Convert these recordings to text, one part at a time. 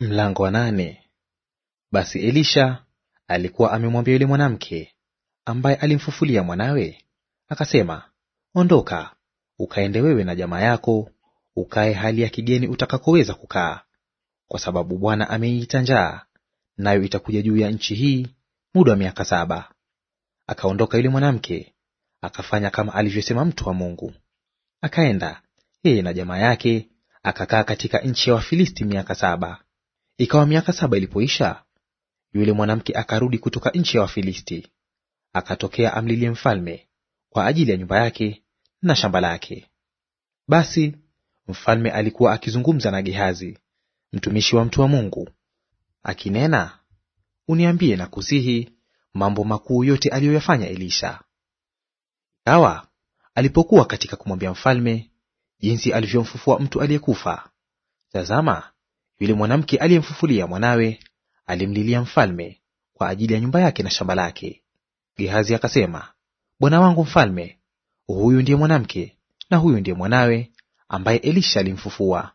Mlango wa nane. Basi Elisha alikuwa amemwambia yule mwanamke ambaye alimfufulia mwanawe, akasema, Ondoka ukaende wewe na jamaa yako, ukae hali ya kigeni utakakoweza kukaa, kwa sababu Bwana ameiita njaa, nayo itakuja juu ya nchi hii muda wa miaka saba. Akaondoka yule mwanamke akafanya kama alivyosema mtu wa Mungu, akaenda yeye na jamaa yake akakaa katika nchi ya Wafilisti miaka saba. Ikawa miaka saba ilipoisha, yule mwanamke akarudi kutoka nchi ya Wafilisti, akatokea amlilie mfalme kwa ajili ya nyumba yake na shamba lake. Basi mfalme alikuwa akizungumza na Gehazi mtumishi wa mtu wa Mungu akinena, uniambie na kusihi mambo makuu yote aliyoyafanya Elisha. Ikawa alipokuwa katika kumwambia mfalme jinsi alivyomfufua mtu aliyekufa, tazama, yule mwanamke aliyemfufulia mwanawe alimlilia mfalme kwa ajili ya nyumba yake na shamba lake. Gehazi akasema, bwana wangu mfalme, huyu ndiye mwanamke na huyu ndiye mwanawe ambaye Elisha alimfufua.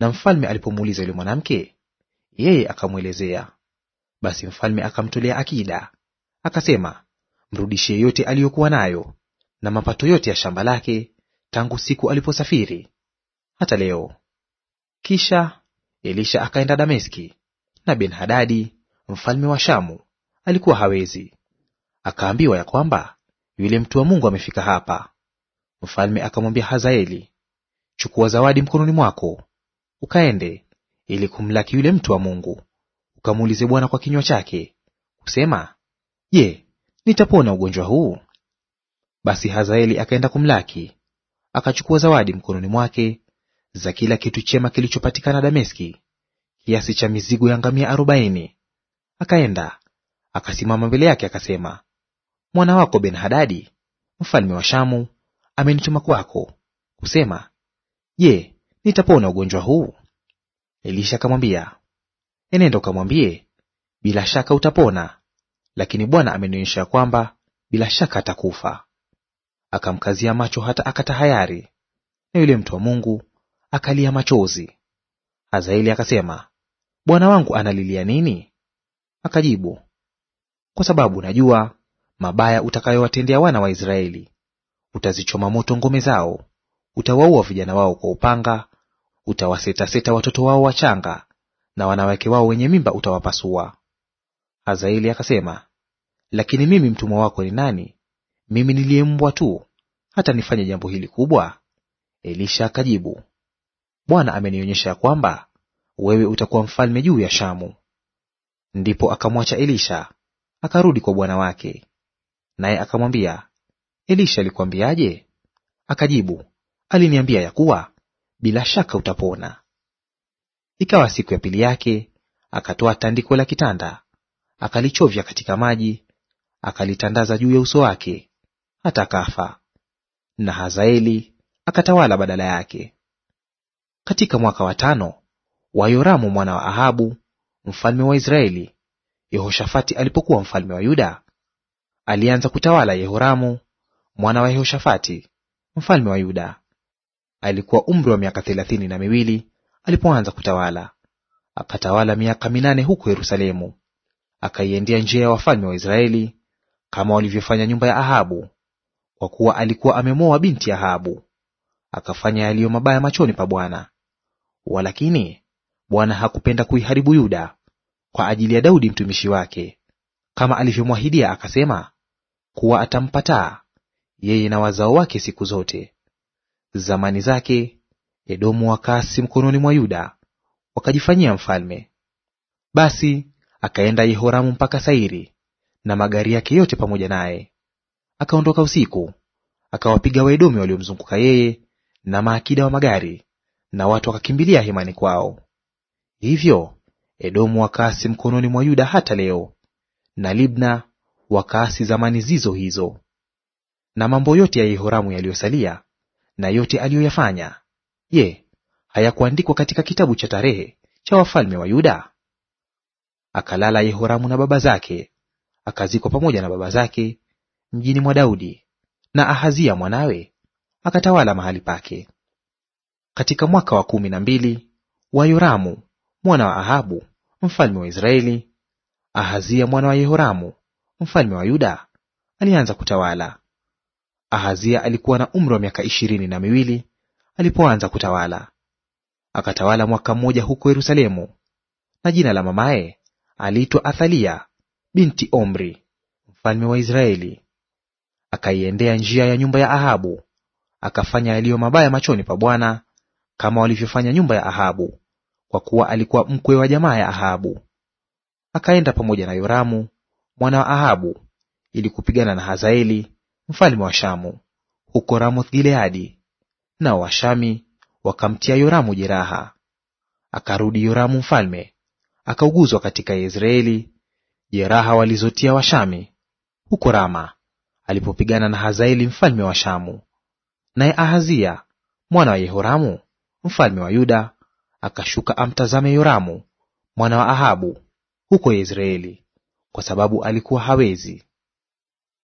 Na mfalme alipomuuliza yule mwanamke, yeye akamwelezea. Basi mfalme akamtolea akida, akasema, mrudishie yote aliyokuwa nayo na mapato yote ya shamba lake tangu siku aliposafiri hata leo. Kisha Elisha akaenda Dameski, na Ben-Hadadi mfalme wa Shamu alikuwa hawezi. Akaambiwa ya kwamba yule mtu wa Mungu amefika hapa. Mfalme akamwambia Hazaeli, chukua zawadi mkononi mwako ukaende, ili kumlaki yule mtu wa Mungu, ukamuulize Bwana kwa kinywa chake kusema, Je, nitapona ugonjwa huu? Basi Hazaeli akaenda kumlaki, akachukua zawadi mkononi mwake za kila kitu chema kilichopatikana Dameski, kiasi cha mizigo ya ngamia arobaini. Akaenda akasimama mbele yake akasema, mwana wako Ben-Hadadi mfalme wa Shamu amenituma kwako kusema, Je, nitapona ugonjwa huu? Elisha akamwambia, enenda ukamwambie, bila shaka utapona, lakini Bwana amenionyesha kwamba bila shaka atakufa. Akamkazia macho hata akatahayari, na yule mtu wa Mungu akalia machozi. Hazaeli akasema, bwana wangu analilia nini? Akajibu, kwa sababu najua mabaya utakayowatendea wana wa Israeli. Utazichoma moto ngome zao, utawaua vijana wao kwa upanga, utawasetaseta watoto wao wachanga, na wanawake wao wenye mimba utawapasua. Hazaeli akasema, lakini mimi mtumwa wako ni nani, mimi niliyembwa tu, hata nifanye jambo hili kubwa? Elisha akajibu, Bwana amenionyesha ya kwamba wewe utakuwa mfalme juu ya Shamu. Ndipo akamwacha Elisha akarudi kwa bwana wake, naye akamwambia, Elisha alikuambiaje? Akajibu, aliniambia ya kuwa bila shaka utapona. Ikawa siku ya pili yake, akatoa tandiko la kitanda, akalichovya katika maji, akalitandaza juu ya uso wake, hata akafa. Na Hazaeli akatawala badala yake katika mwaka wa tano wa Yoramu mwana wa Ahabu mfalme wa Israeli, Yehoshafati alipokuwa mfalme wa Yuda, alianza kutawala Yehoramu mwana wa Yehoshafati mfalme wa Yuda. Alikuwa umri wa miaka thelathini na miwili alipoanza kutawala, akatawala miaka minane huko Yerusalemu. Akaiendea njia ya wafalme wa Israeli kama walivyofanya nyumba ya Ahabu, kwa kuwa alikuwa amemwoa binti ya Ahabu. Akafanya yaliyo mabaya machoni pa Bwana, Walakini Bwana hakupenda kuiharibu Yuda kwa ajili ya Daudi mtumishi wake, kama alivyomwahidia akasema, kuwa atampataa yeye na wazao wake siku zote. Zamani zake Edomu wakaasi mkononi mwa Yuda, wakajifanyia mfalme. Basi akaenda Yehoramu mpaka Sairi na magari yake yote pamoja naye. Akaondoka usiku, akawapiga waedomi waliomzunguka yeye na maakida wa magari na watu wakakimbilia hemani kwao. Hivyo Edomu wakaasi mkononi mwa Yuda hata leo, na Libna wakaasi zamani zizo hizo. Na mambo yote ya Yehoramu yaliyosalia na yote aliyoyafanya, je, hayakuandikwa katika kitabu cha tarehe cha wafalme wa Yuda? Akalala Yehoramu na baba zake, akazikwa pamoja na baba zake mjini mwa Daudi, na Ahazia mwanawe akatawala mahali pake katika mwaka wa kumi na mbili wa Yoramu mwana wa Ahabu mfalme wa Israeli, Ahazia mwana wa Yehoramu mfalme wa Yuda alianza kutawala. Ahazia alikuwa na umri wa miaka ishirini na miwili alipoanza kutawala, akatawala mwaka mmoja huko Yerusalemu. Na jina la mamaye aliitwa Athalia binti Omri mfalme wa Israeli. Akaiendea njia ya nyumba ya Ahabu, akafanya yaliyo mabaya machoni pa Bwana, kama walivyofanya nyumba ya Ahabu, kwa kuwa alikuwa mkwe wa jamaa ya Ahabu. Akaenda pamoja na Yoramu mwana wa Ahabu ili kupigana na Hazaeli mfalme wa Shamu huko Ramoth Gileadi, nao Washami wakamtia Yoramu jeraha. Akarudi Yoramu mfalme akauguzwa katika Yezreeli jeraha walizotia Washami huko Rama alipopigana na Hazaeli mfalme wa Shamu. Naye Ahazia mwana wa Yehoramu mfalme wa Yuda akashuka amtazame Yoramu mwana wa Ahabu huko Israeli, kwa sababu alikuwa hawezi